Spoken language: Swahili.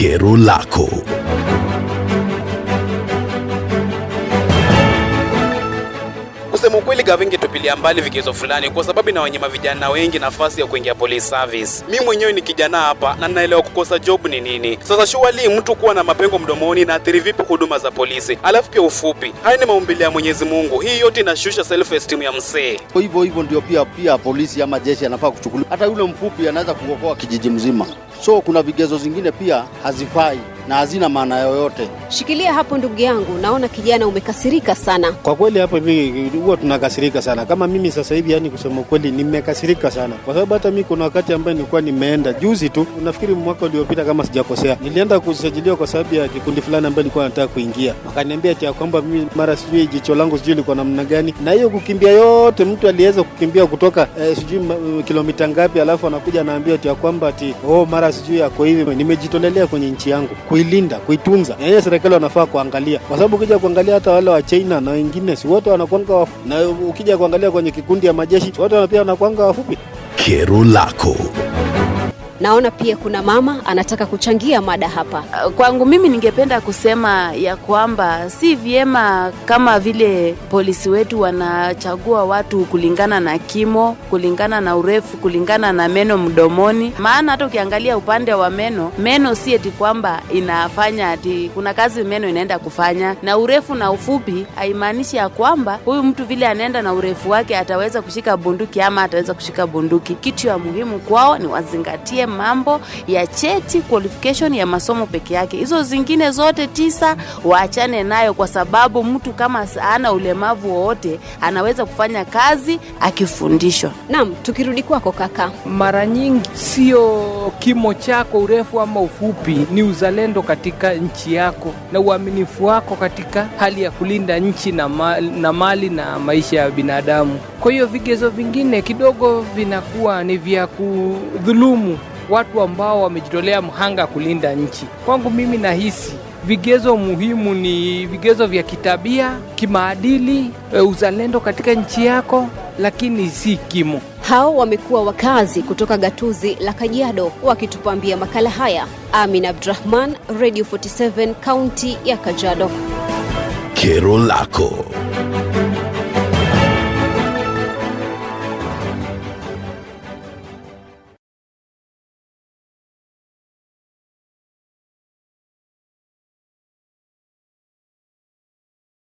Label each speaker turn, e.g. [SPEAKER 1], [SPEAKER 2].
[SPEAKER 1] quiero laco.
[SPEAKER 2] kusema ukweli, Gavinge tupilia mbali vigezo fulani, kwa sababu inawanyima vijana wengi nafasi ya kuingia police service. Mimi mwenyewe ni kijana hapa na ninaelewa kukosa job ni nini. Sasa shuali mtu kuwa na mapengo mdomoni inaathiri vipi huduma za polisi? Alafu pia ufupi, haya ni maumbile ya Mwenyezi Mungu, hii yote inashusha self esteem ya msee.
[SPEAKER 3] Kwa hivyo hivyo ndio pia pia polisi ama jeshi anafaa kuchukuliwa, hata yule mfupi anaweza kuokoa kijiji mzima. So kuna vigezo zingine pia hazifai na hazina maana yoyote.
[SPEAKER 4] Shikilia hapo ndugu yangu, naona kijana umekasirika sana. Kwa
[SPEAKER 3] kweli hapo hivi huwa tunakasirika sana, kama mimi sasa hivi, yani kusema kweli nimekasirika sana, kwa sababu hata mimi kuna wakati ambaye nilikuwa nimeenda juzi tu, nafikiri mwaka uliopita kama sijakosea, nilienda kusajiliwa kwa sababu ya kikundi fulani ambaye nilikuwa nataka kuingia, wakaniambia cha kwamba mimi mara sijui jicho langu sijui likuwa namna gani, na hiyo kukimbia yote, mtu aliweza kukimbia kutoka eh, sijui eh, kilomita ngapi, alafu anakuja anaambia cha kwamba ati oh, mara sijui yako hivi, nimejitolelea kwenye nchi yangu Kui kuilinda, kuitunza. Na hiyo serikali wanafaa kuangalia, kwa sababu ukija kuangalia hata wale wa China na wengine si wote wanakwanga wafu, na ukija kuangalia kwenye kikundi ya majeshi wote pia wanakwanga wafupi.
[SPEAKER 1] Kero lako
[SPEAKER 4] Naona pia kuna mama anataka kuchangia mada hapa.
[SPEAKER 5] Uh, kwangu mimi, ningependa kusema ya kwamba si vyema kama vile polisi wetu wanachagua watu kulingana na kimo, kulingana na urefu, kulingana na meno mdomoni. Maana hata ukiangalia upande wa meno, meno si eti kwamba inafanya ati kuna kazi meno inaenda kufanya, na urefu na ufupi haimaanishi ya kwamba huyu mtu vile anaenda na urefu wake ataweza kushika bunduki ama ataweza kushika bunduki. Kitu ya muhimu kwao ni wazingatie mambo ya cheti qualification ya masomo peke yake. Hizo zingine zote tisa waachane nayo, kwa sababu mtu kama ana ulemavu wowote anaweza kufanya kazi akifundishwa.
[SPEAKER 4] Naam, tukirudi kwako kaka,
[SPEAKER 6] mara nyingi sio kimo chako urefu ama ufupi, ni uzalendo katika nchi yako na uaminifu wako katika hali ya kulinda nchi na mali na, mali na maisha ya binadamu. Kwa hiyo vigezo vingine kidogo vinakuwa ni vya kudhulumu watu ambao wamejitolea mhanga kulinda nchi. Kwangu mimi nahisi vigezo muhimu ni vigezo vya kitabia, kimaadili, e, uzalendo katika nchi yako, lakini si kimo.
[SPEAKER 4] Hao wamekuwa wakazi kutoka gatuzi la Kajiado wakitupambia makala haya. Amin abdurahman Radio 47, kaunti ya Kajiado.
[SPEAKER 1] Kero lako